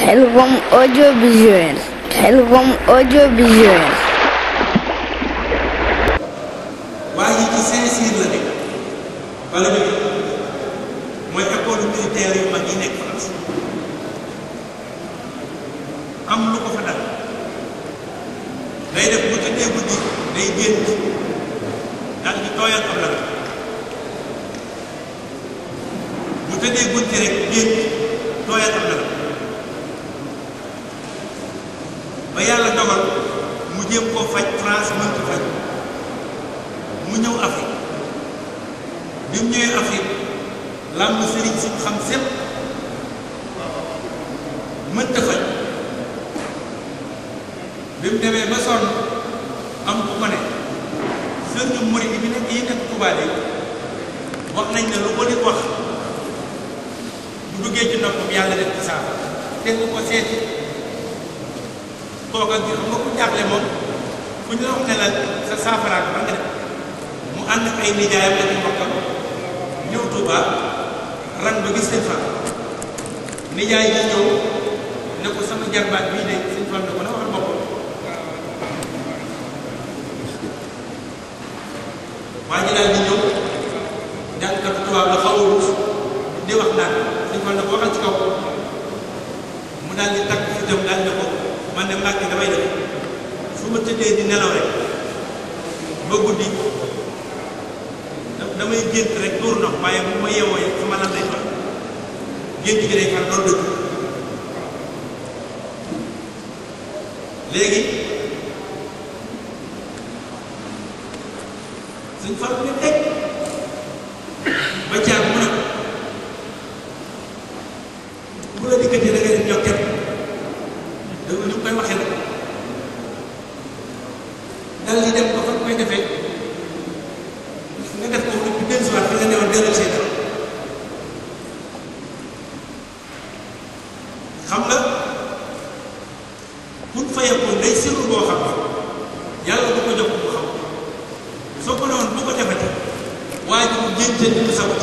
Telkom Audiovisuel Telkom Audiovisuel ci saint la nekk wala ñu mooy école militaire yu mag yi nekk France am lu ko fa dal day def bu ci guddi day génn daal di tooyal la bu tëddee guddi rek génn tooyal la ba yàlla dogal mu jéem koo faj France mën faj mu ñëw Afrique bi mu ñëwee Afrique làmb sëriñ si xam sépp mënta faj bi mu demee ba sonn am ku ko ne sëriñu murid bi nekk yi nekk Tuubaa yi wax nañ ne lu ko nit wax bu duggee ci noppam yàlla def ko saafara te ku ko seeti kooka gi xam nga ku jaaxle moom fu ñu la ne la sa saafaraat mu ànd ay nijaayam la ñu bokkal ñëw Tuuba ran ba gis seen nijaay yi ñëw ne ko sama jarbaat bii de seen fan ne na waxal boppam wax naan mu daal takk fi dem daal ne ko man de mbàkke damay def fu ma tëddee di nelaw rek ba guddi damay gént rek tuur ndox waaye bu ma yeewoo su ma lan lay far gént gi day far loolu dëgg léegi Gracias. que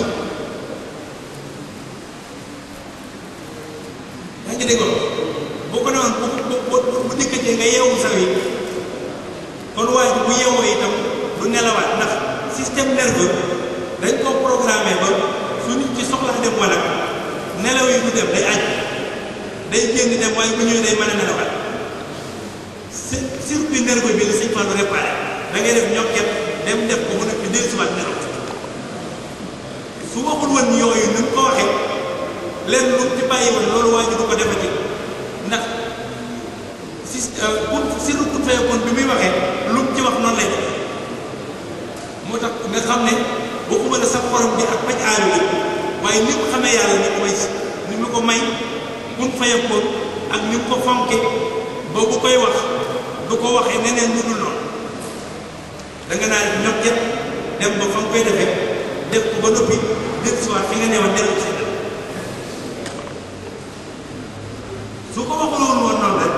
su ko waxul woon woon noonu rek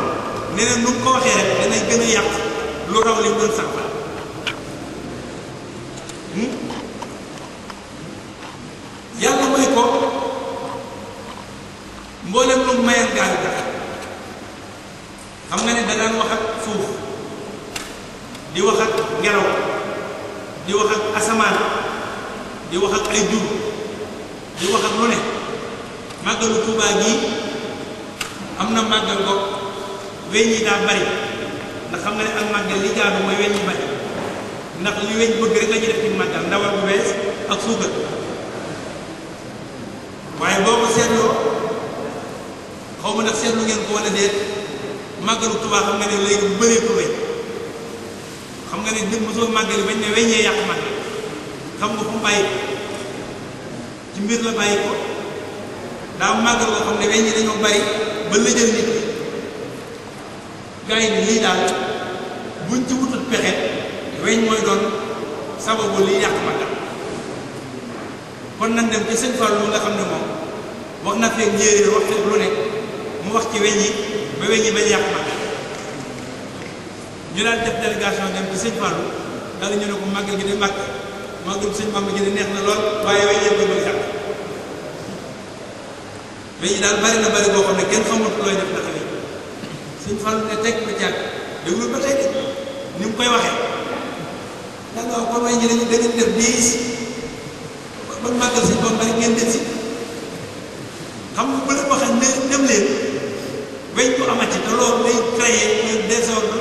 na nu ko waxee rek gën a yàq lu raw li doon sax ba hmm? yàlla may ko mboolem lu mayal gaal bi xam nga ne danaan wax ak suuf di wax ak ngelaw di wax ak asamaan di wax ak ay jur di wax ak lu ne màggalu Tuubaa gi màggal ko weñ yi daa bari ndax xam nga ne ak màggal li jaadu mooy weñ yi bari ndax li weñ bëgg rek la def ci màggal ndawal bu bees ak suukar waaye boo seetloo xaw ma ndax seetlu ngeen ko walla déet màggalu Tuubaa xam nga ne léegi bu bëree xam nga ne dëgg mosoo màggali bañ ne weñee yàq màggal xam nga fu bàyyi ci mbir la bàyyi ko daa màggal nga xam ne weñ yi dañoo bari ba lëjal nit gars yi ni lii daal buñ ci wutut pexe weñ mooy doon sababu lii yàq màggal kon nan dem ci sëñ Fallou nga xam ne moom wax na fee njéeréer wax lu ne mu wax ci weñ yi ba weñ yi bañ yàq màggal ñu daan def délégation dem ci sëñ Fallou ñu ne ko màggal gi di màgg màggal sëñ Bamba gi di neex na lool waaye weñ yëpp ba yàq mais ñi daal bari na bari boo xam ne kenn xamul looy def ndax lii suñ fan ne teg ba jàkk déglu ba tey de ni mu koy waxee da nga kon waaye ñi dañu da ngeen ba bu leen waxee ne ko amati te loolu day créer un désordre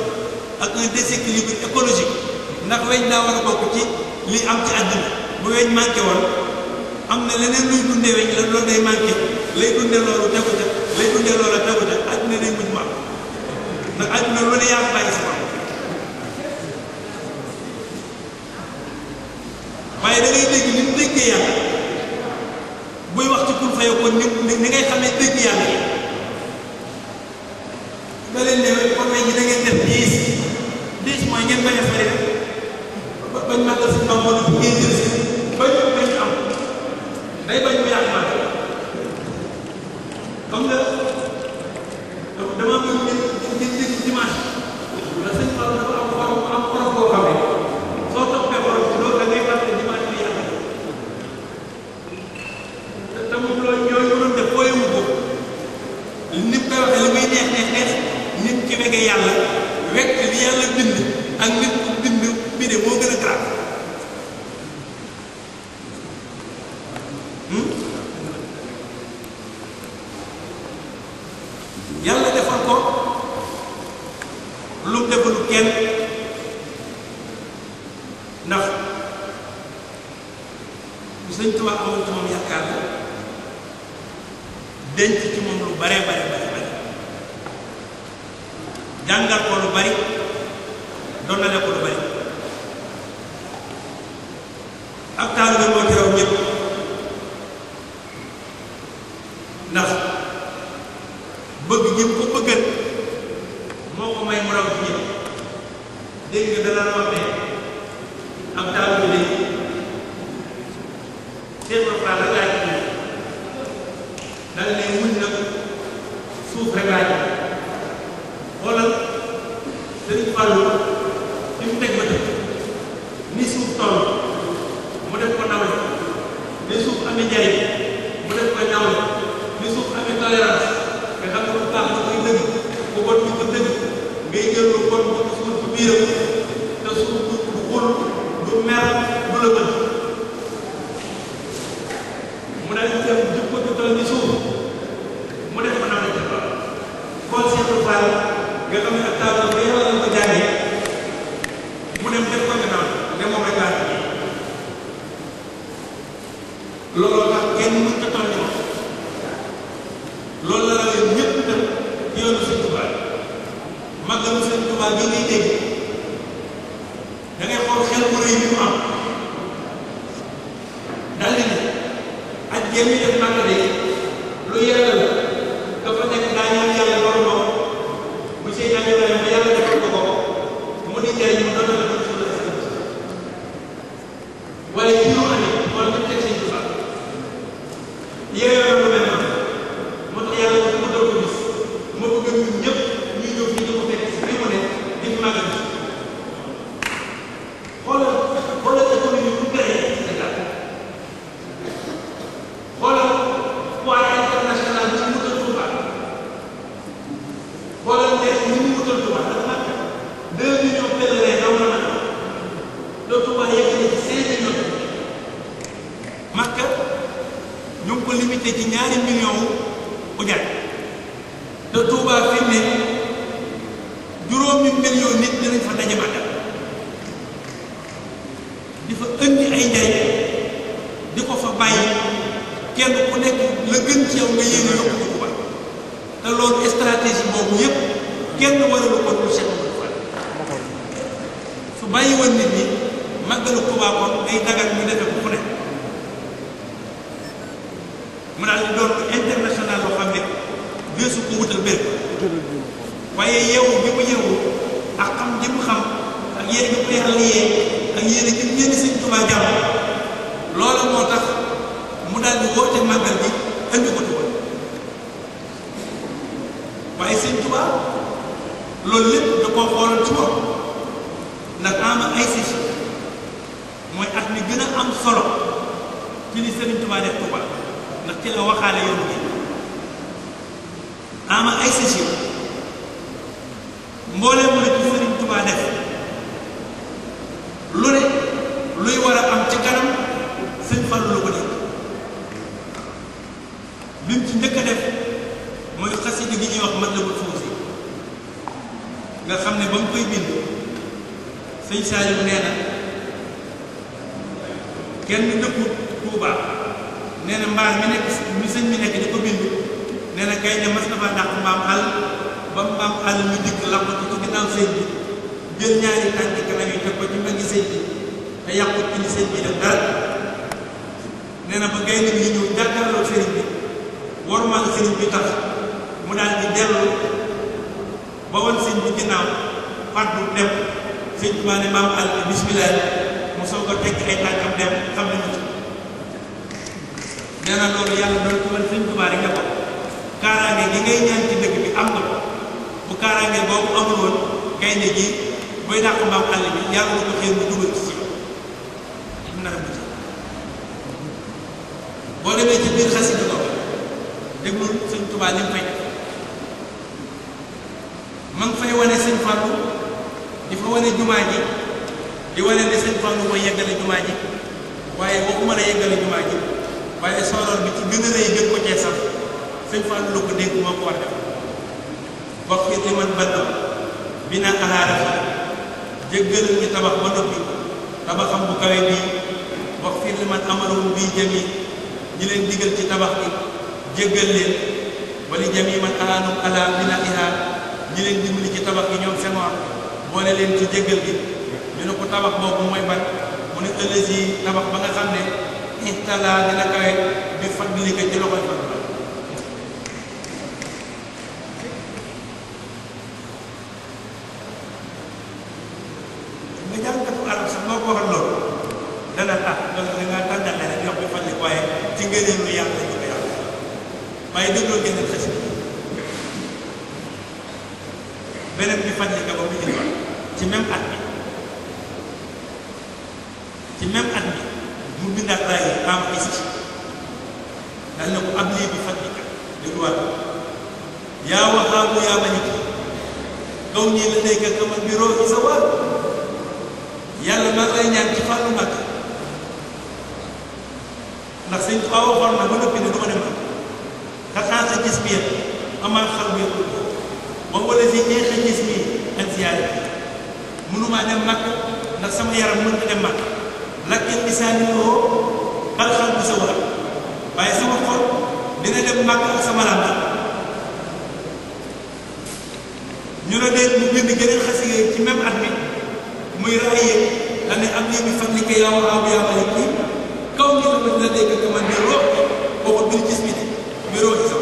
ak un déséquilibre écologique ndax weñ daa war a bokk ci li am ci àdduna bu weñ manqué woon am na leneen luy dundee weñ la loolu day manqué lay dundee loolu tegu ca lay dundee loolu tegu ca àdduna day mujj ma ndax àdduna lu ne yaa ngi waaye da ngay dégg ni mu déggee wax ci kun fayoo ko ni ni ngay xamee dégg yàlla yi da leen ne kon mooy ngeen bañ a fay rek ba bañ màggal si maam jël si bañ bañ am day bañ mu yàq Buddha ndax bëgg gi ko bëggal moo may mu raw ci nga danaa wax ne da ngay xool xel bu rëy bi mu am dal di ne ak jéem te loolu stratégie boobu yëpp kenn waralu ko su bàyyi woon nit ñi màggalu Tuubaa kon day dagal ñu defe bu mu ne mu daal di doon international loo xam ne weesu ko wutal bér waaye yeewu bi mu yeewu ak xam ji xam ak yéen ñi ko yàlla yee ak yéen ñi ñenn sëñ Tuubaa jàmm koo xoolal ci bopp ndax ama mooy at mi gën a am solo ci li Sëriñ Tuubaa def Tuubaa ndax ci la waxaale mi dëkku Touba nee na mbaar mi nekk mi sëñ mi di ko bind nee na kay ne mas na mbaam àll ba mbaam àll mi dikk làqatu ci ginnaaw sëñ bi jël ñaari tànk kanam yi teg ko ci mbaggi sëñ bi te yàqut ci li sëñ bi def dara nee na ba gaynde yi ñëw jàkkaarloo sëriñ bi warmal sëriñ bi tax mu daal di dellu ba woon sëñ bi ginnaaw fàddu dem sëñ bi maa ne maam àll bismillah soo ko tekki ay tànkam dem xam nañu ci nee na loolu yàlla doon ko mën sëñ nga ko kaaraange gi ngay ñaan ci dëkk bi am nga ko bu kaaraange boobu amul woon gaynde ji buy dàq mbaam àll bi yàlla na ko xëy mu dugal ci am ko déglul sëñ Tuubaa li mu fay fay wane sëñ Fàllu di fa wane jumaa ji li waree ne sëñ Fallu mooy yeggale jumaa ji waaye waxuma la yeggale jumaa ji waaye soroor bi ci gën a rëy gën ko cee sax sëñ Fallu la ko dégg moo ko war def wax fi li man band bi naa alaara fa jëggal ñu tabax ba noppi tabaxam bu kawe bii wax fi li man amaroon bii jami ñi leen digal ci tabax bi jëggal leen wala jami man alaanum ala bi naa ihaar ñi leen dimbali ci tabax gi ñoom seen boole leen ci jëggal gi tabax boobu mooy ban mu ne ëllëg tabax ba nga xam ne intalaa dina kawe bi fadlika ci loxoy fan التسمية أما الخلوية كلها وهو الذي أنشأ جسمي عن زيارته mënuma dem Makka ndax sama yaram mënut a dem Makka lakin lisaani lahu xalxal bu sa war waaye sama xol dina dem Makka ak sama làmba ñu ne de mu bind ci même at mi muy raaye la am lii bi fan li ko yaaw aw yaaw kii kaw ñu ne dina dégg ko man di roox boo ko bind gis bi de muy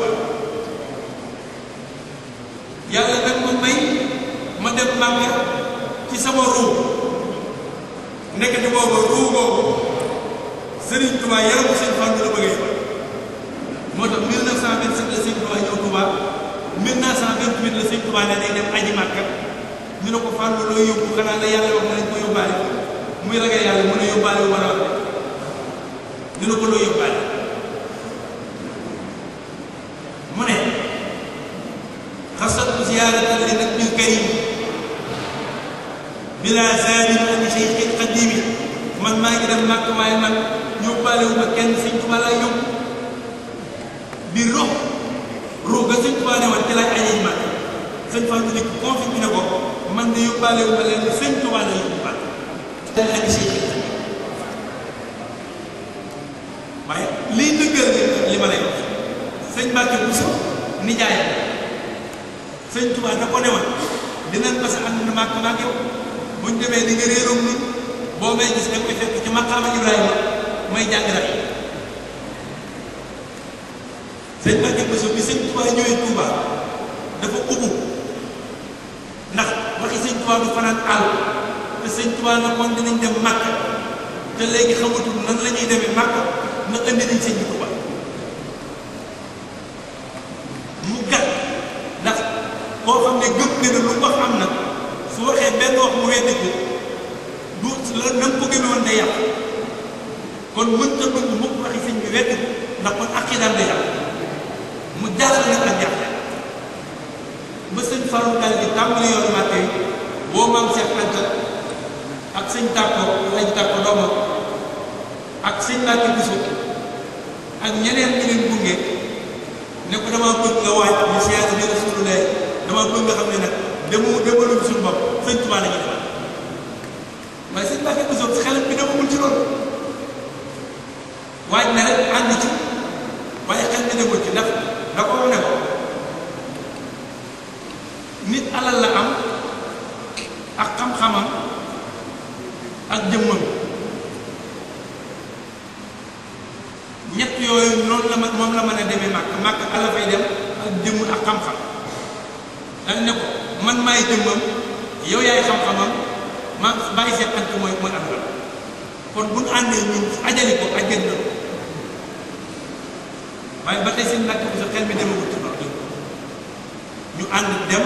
dem Màkka ci sama ruu nekkati boobu ruu boobu Serigne Touba yaramu seen fànn la bëggee moo tax 1927 la Serigne Touba ñëw Touba 1928 la Serigne Touba ne day dem aji Màkka ñu ne ko fànn loo yóbbu xanaa la yàlla wax nañ ko ko yóbbaale mu ne xasatu ziyaaratan li nabiyil karim bila zalin ani cheikh qadim man maa ngi dem màkk waaye nag yóbbaale wu ma kenn sëñ Tuubaa laa yóbbu bi rox rox ga sëñ Tuubaa ne woon laay añee màkk sëñ Fallu ne confirmé ne ko yóbbaale wu ma leen sëñ Tuubaa la yóbbu liy dëggal li ma lay wax sëñ Mbàkke Buso nijaay sëñ Tuubaa da ko ne woon dinañ basa ànd na màkk màkk yow buñ demee di nga réeroog ni boo may gis da koy fekk ci maqaama Ibrahima may jàng rab yi sëñ Mbacke bi sëñ Touba ñëwee Touba dafa ubbu ndax waxi sëñ dem màkk te léegi xamatul nan la ñuy demee màkk indi nañ sëñ bi mu gàtt ndax koo xam ne gëm ne lu wax am na su waxee benn wax mu weddi ko du la na nga ko gëme woon kon mënta dugg mukk waxi ndax kon aqidaam day yàq mu jaaxal nag ak yàq ba sëñ Fallou di tàmbali yoon màtte boo maam Seex Anta ak sëñ tàkko lañ tàkko doomam ak sëñ Mbàkke Buso ak ñeneen ñi leen ne ko damaa bëgg nga waaj ñu siyaare bi Rasulullah damaa bëgg nga xam ne nag demoo demalul suñu bopp sëñ Tuubaa la ñuy defal waaye sëñ Mbàkke Bousso si xelam bi demagul ci loolu waaj na rek ànd ci waaye xel bi demul ci ndax ngërëmam yow yaay xam-xamam ma bàyyi seen tànk mooy mooy àndal kon bu ñu àndee ñun ajali ko ajal na ko waaye ba tey seen nàkk bu sa xel mi demagul ci loolu ñu ànd dem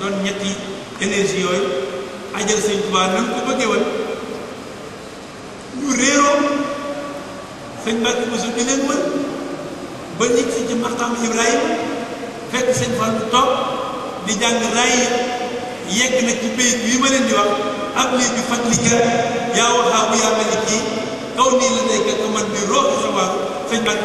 doon ñetti énergie yooyu ajal sëñ Tuubaa na ko bëggee woon ñu réeroo sëñ ba nit si ci maqaam Ibrahima fekk toog di jang ray yegg na ci beet wi ma len di wax ak li ci fatli ke ya wa ha bu ya maliki kaw la nek ko man bi roh sa wa señ bat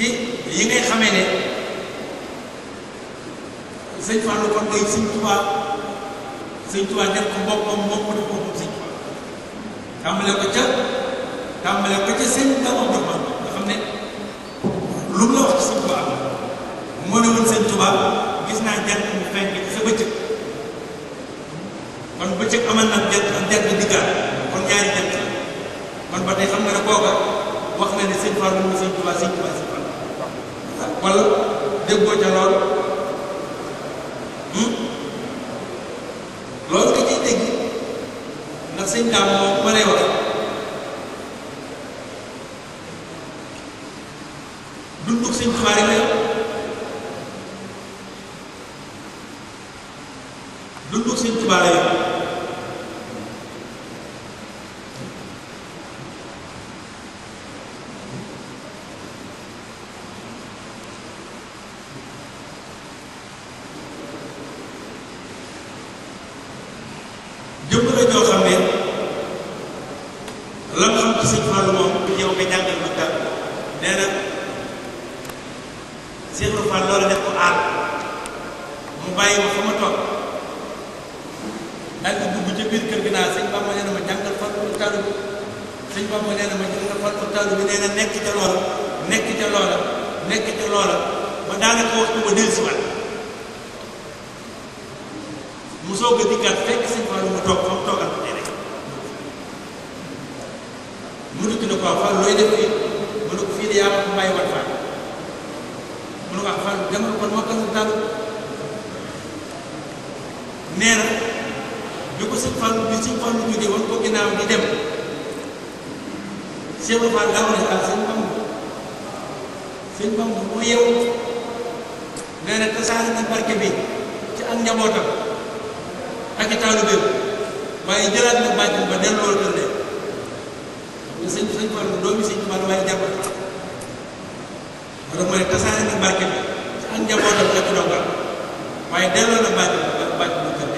ci yi ngay xamee ne sëñ Fallou kon mooy sëñ Touba sëñ Touba def ko boppam moom sëñ Touba tàmbale ca tàmbale ca sëñ Touba nga xam ne lu mu la wax ci sëñ Touba moo ne woon sëñ Touba gis naa jant mu fenk ci ba tey xam sëñ Fallou sëñ Touba sëñ wala déggoo ca lool hmm? loolu nga ciy dégg ndax sëñ daam moom ma lay wax dundug sëñ Tuubaa jëmm la joo xam ne lan xam ci sëñ Fallou moom bu ñëw nga jàngal ma tànn nee na sëñ Fall def ko aar mu bàyyi ma fa ma toog daal di dugg ca biir kër gi naa sëñ Bamba nee na ma jàngal Fallou taalu bi bi nee na nekk ca loola nekk ca loola nekk ca loola ba daanaka waxtu ba dellusiwaat mu soog a dikkaat fekk sëñ Fallou mu toog fa mu toogal ko mu dugg na ko wax Fallou looy def fii mu ko fii de yaa ma ko bàyyi wat Fallou mu ne ko wax demal kon moo taxul daal nee na bi ko sëñ Fallou bi sëñ Fallou jógee woon ko ginnaaw di dem Cheikh Oumar daa ko def ak sëñ Bamba sëñ Bamba moo yeewu nee na tasaare na barke bi ci ak njabootam. ak i taalibeem waaye jëlaat na bàcc ba delloo la ne te sëñ sëñ Fallu doomi sëñ Fallu waaye jàpp wala mooy tasaare na barke bi ci ak njabootam la ci dogal waaye delloo na bàcc ba bàcc bu gën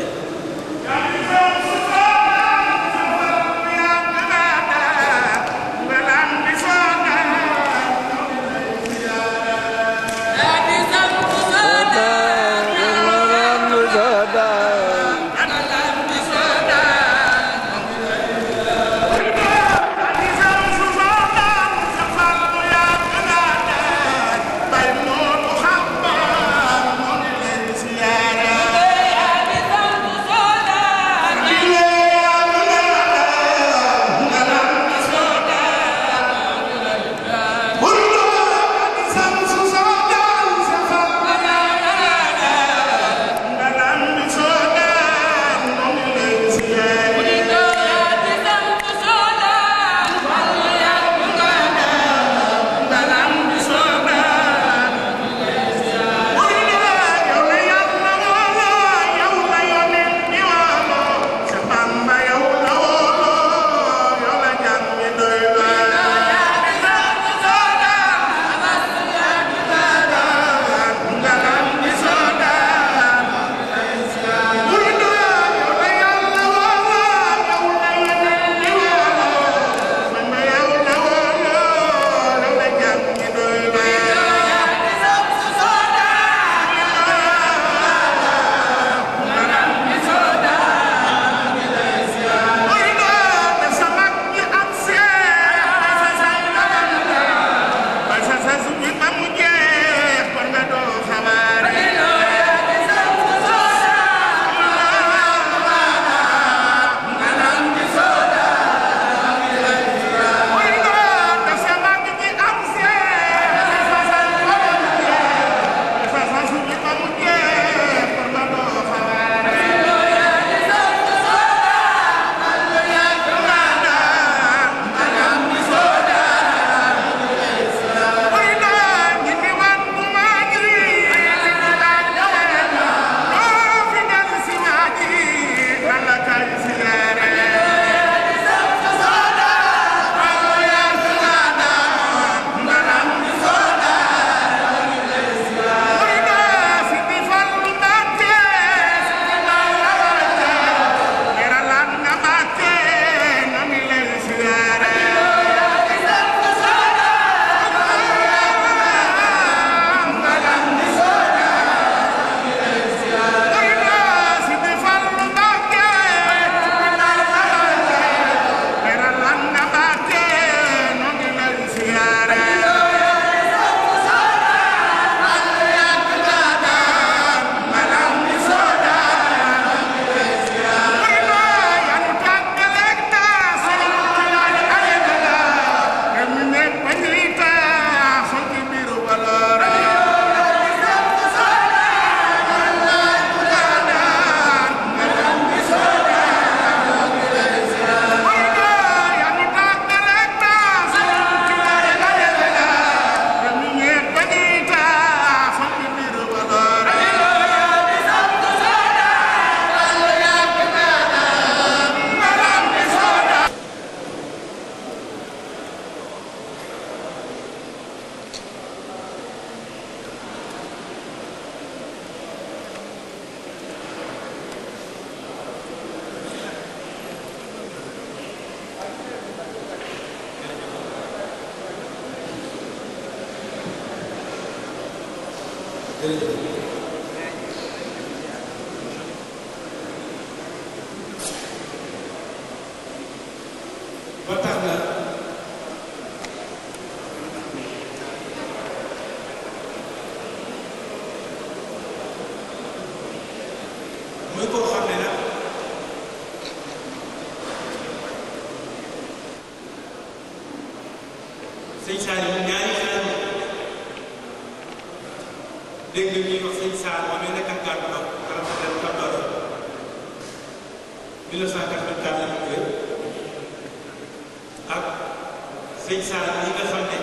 sëñ Saal yi nga xam ne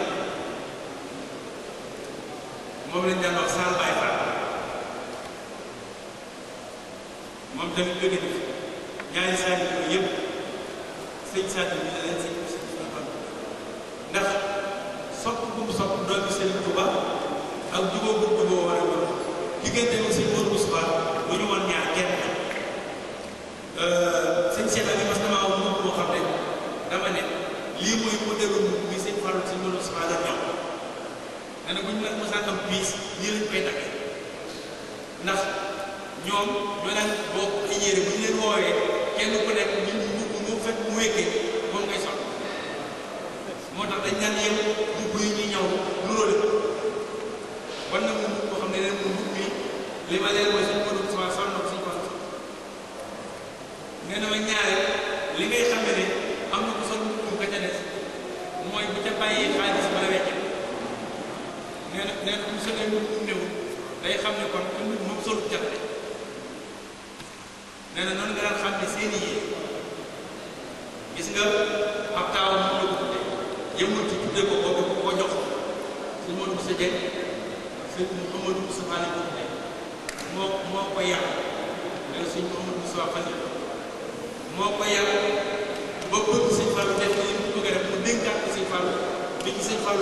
moom lañ daan wax Saal Baye Fall moom tamit jóge na ñaari Saal yi yëpp sëñ Saal nangam piis nii lañ koy takkee ndax ñoom ñoo daan bokk ay yére bu ñu leen kenn ku nekk ñu mu mu mu mu wékkee moom ngay sol moo tax dañ naan yéen day xam ne kon comme moom solu jaxle nee na noonu nga daan xam ne seen i yéen gis nga ab taaw moom la ko tuddee ko jox suñ mën bu sa jël suñ Amadou Moussa Fall moo moo ko yàq mais suñ Amadou Moussa Fall moo ko yàq ba bëgg suñ Fall def li mu bëgg a def mu dénkaat ko suñ Fall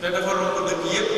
te dafa romb dëkk yépp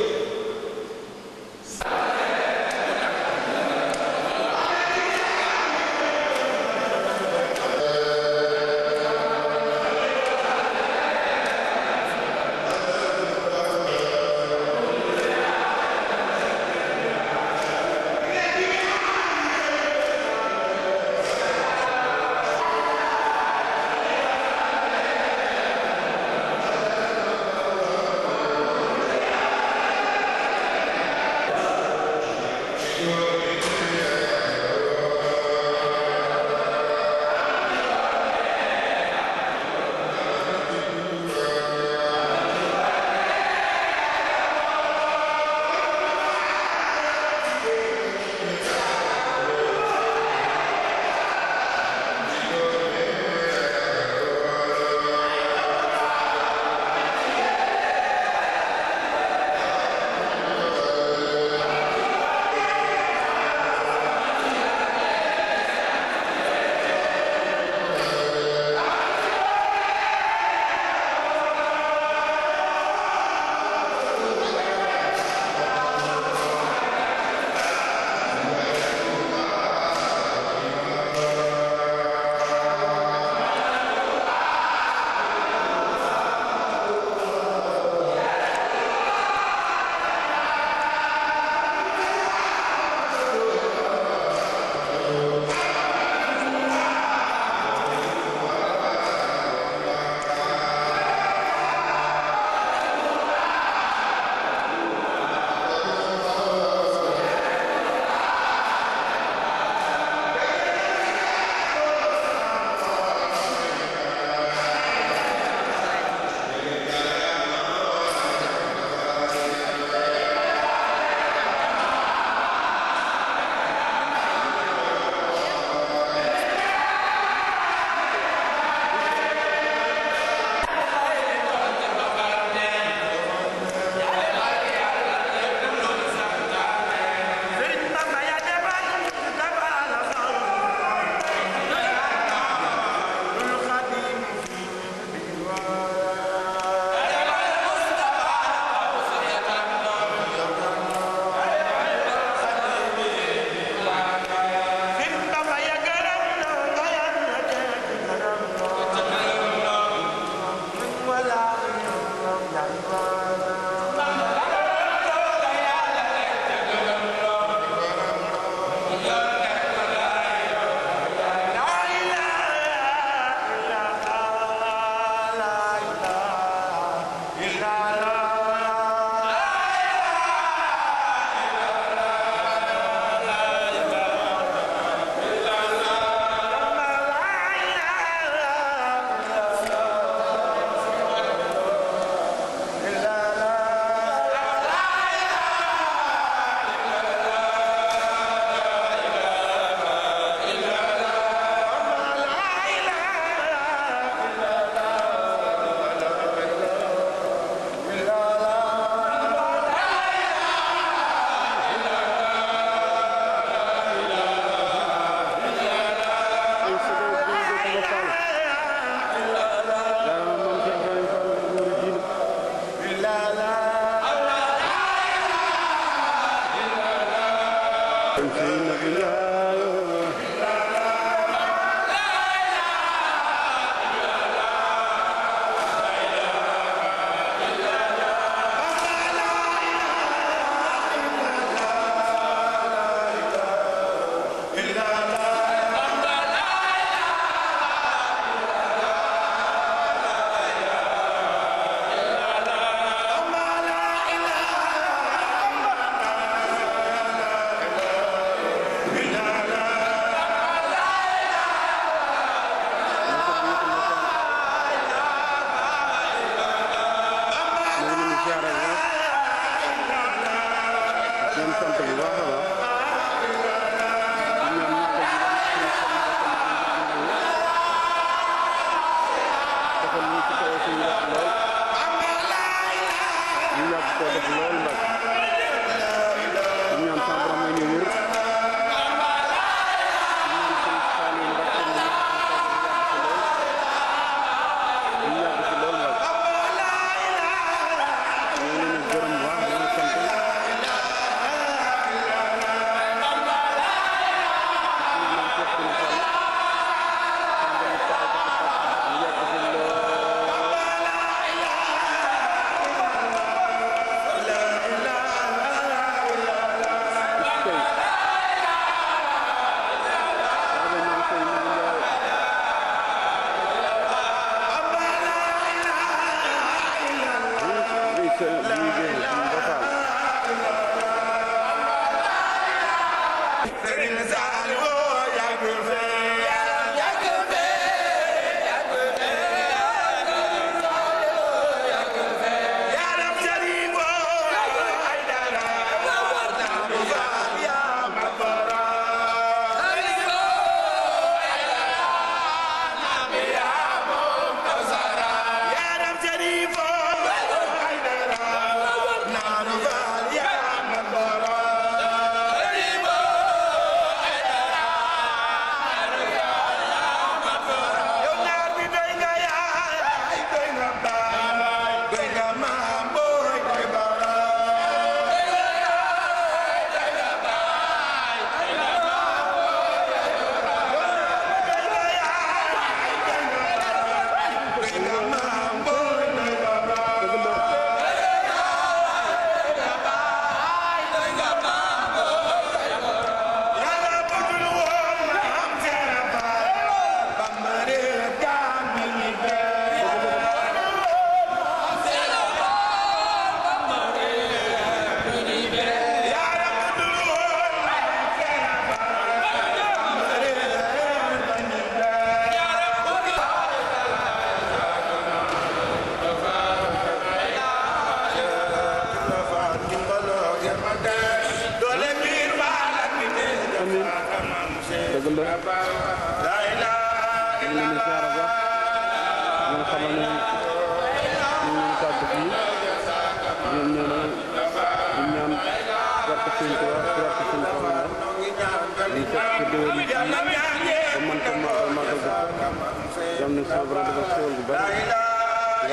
sama borom defal xéwal bu bari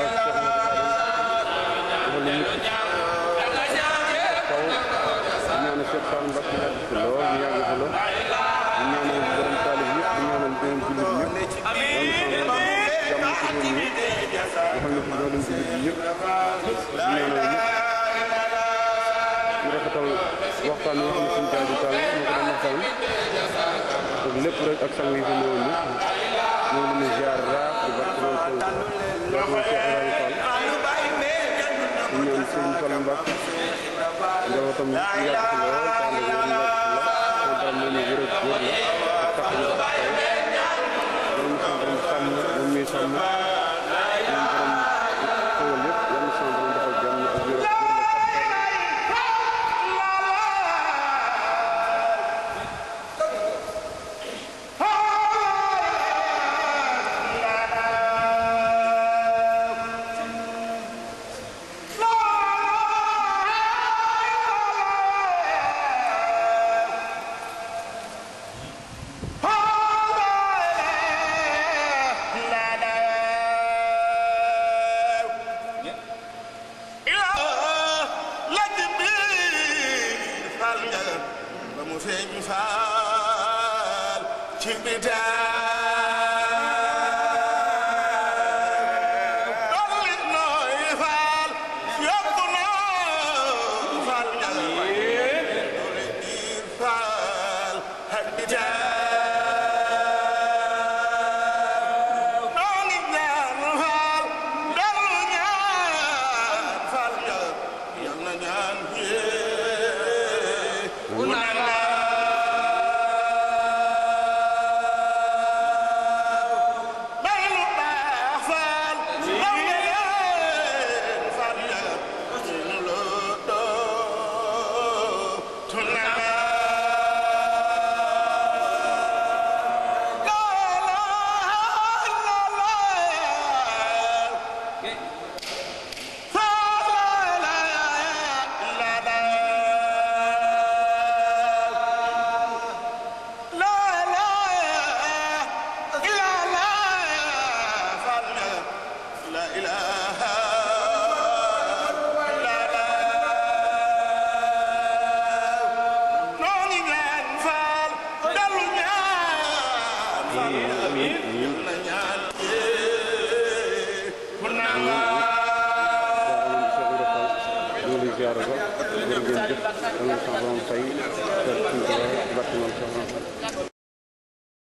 waxtaan wi wax na suñu taal bi taal moo ko doon waxtaan lépp rek ak sang yi fi ñëwoon ñu ngi leen di ziar raaf di bàq lool Sëñ Fall ñoom Sëñ Fall Mbacke njabootam yàgg lool